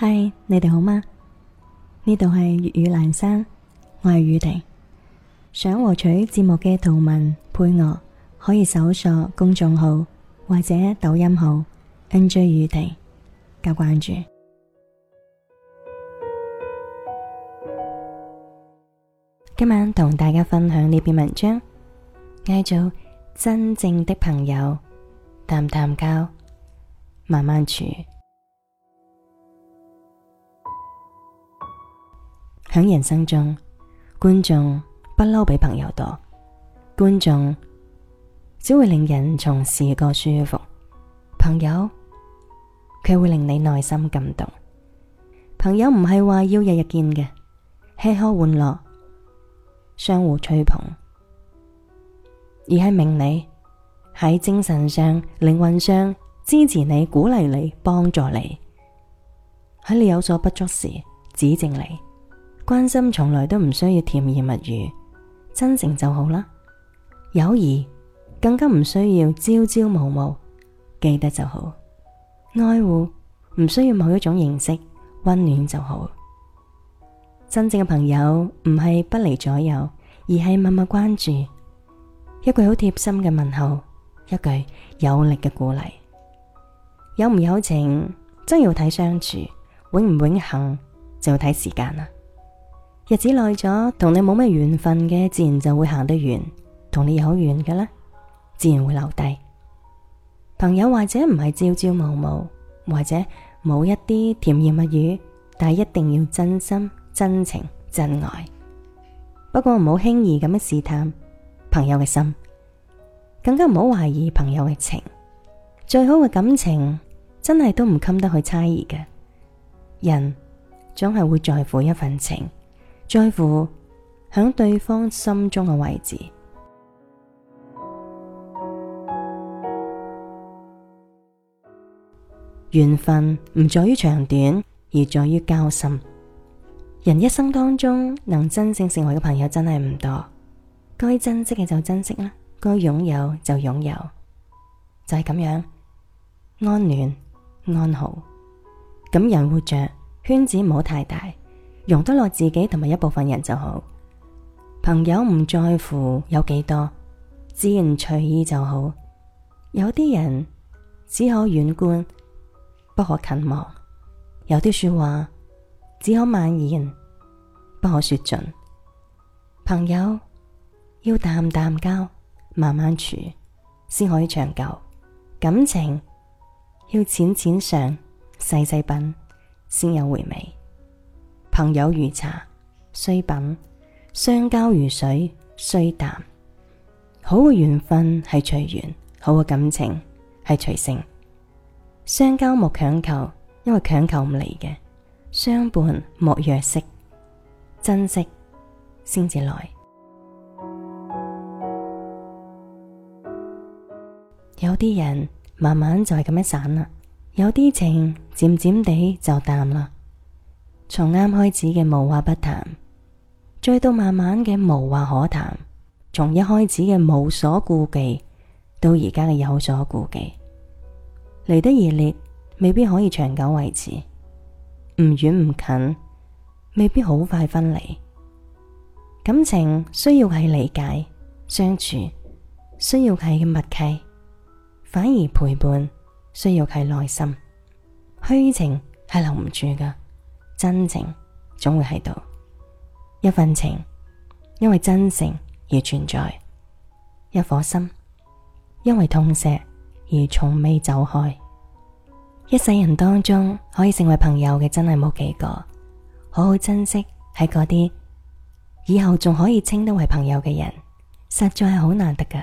嗨，Hi，你哋好嗎？呢度係粵語蘭山，我係宇婷。想獲取節目嘅圖文配樂，可以搜索公眾號或者抖音號 NJ 宇婷加關注。今晚同大家分享呢篇文章，叫做真正的朋友，淡淡交，慢慢處。響人生中，觀眾不嬲比朋友多。觀眾只會令人從視覺舒服，朋友卻會令你內心感動。朋友唔係話要日日見嘅，吃喝玩樂，相互吹捧，而係明你喺精神上、靈魂上支持你、鼓勵你、幫助你。喺你有所不足時，指正你。關心從來都唔需要甜言蜜語，真誠就好啦。友誼更加唔需要朝朝暮暮，記得就好。愛護唔需要某一種形式，温暖就好。真正嘅朋友唔係不離左右，而係默默關注，一句好貼心嘅問候，一句有力嘅鼓勵。友唔友情，真要睇相處；永唔永恒，就要睇時間啦。日子耐咗，同你冇咩緣分嘅，自然就會行得遠；同你有緣嘅啦，自然會留低。朋友或者唔係朝朝暮暮，或者冇一啲甜言蜜語，但係一定要真心、真情、真愛。不過唔好輕易咁樣試探朋友嘅心，更加唔好懷疑朋友嘅情。最好嘅感情真係都唔禁得去猜疑嘅，人總係會在乎一份情。在乎響對方心中嘅位置，緣分唔在於長短，而在於交心。人一生當中能真正成為嘅朋友真係唔多，該珍惜嘅就珍惜啦，該擁有就擁有，就係咁樣安暖安好。咁人活着圈子唔好太大。容得落自己同埋一部分人就好，朋友唔在乎有幾多，自然隨意就好。有啲人只可遠觀，不可近望；有啲說話只可慢言，不可說盡。朋友要淡淡交，慢慢處，先可以長久。感情要淺淺嘗，細細品，先有回味。朋友如茶，需品；相交如水，需淡。好嘅緣分係隨緣，好嘅感情係隨性。相交莫強求，因為強求唔嚟嘅；相伴莫弱視，珍惜先至來。 有啲人慢慢就係咁樣散啦，有啲情漸漸地就淡啦。從啱開始嘅無話不談，再到慢慢嘅無話可談；從一開始嘅無所顧忌，到而家嘅有所顧忌。嚟得熱烈，未必可以長久維持；唔遠唔近，未必好快分離。感情需要係理解相處，需要係嘅默契，反而陪伴需要係耐心。虛情係留唔住噶。真情總會喺度，一份情因為真誠而存在，一顆心因為痛惜而從未走開。一世人當中可以成為朋友嘅真係冇幾個，好好珍惜喺嗰啲以後仲可以稱得為朋友嘅人，實在係好難得噶。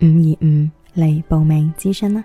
五二五嚟報名諮詢啦！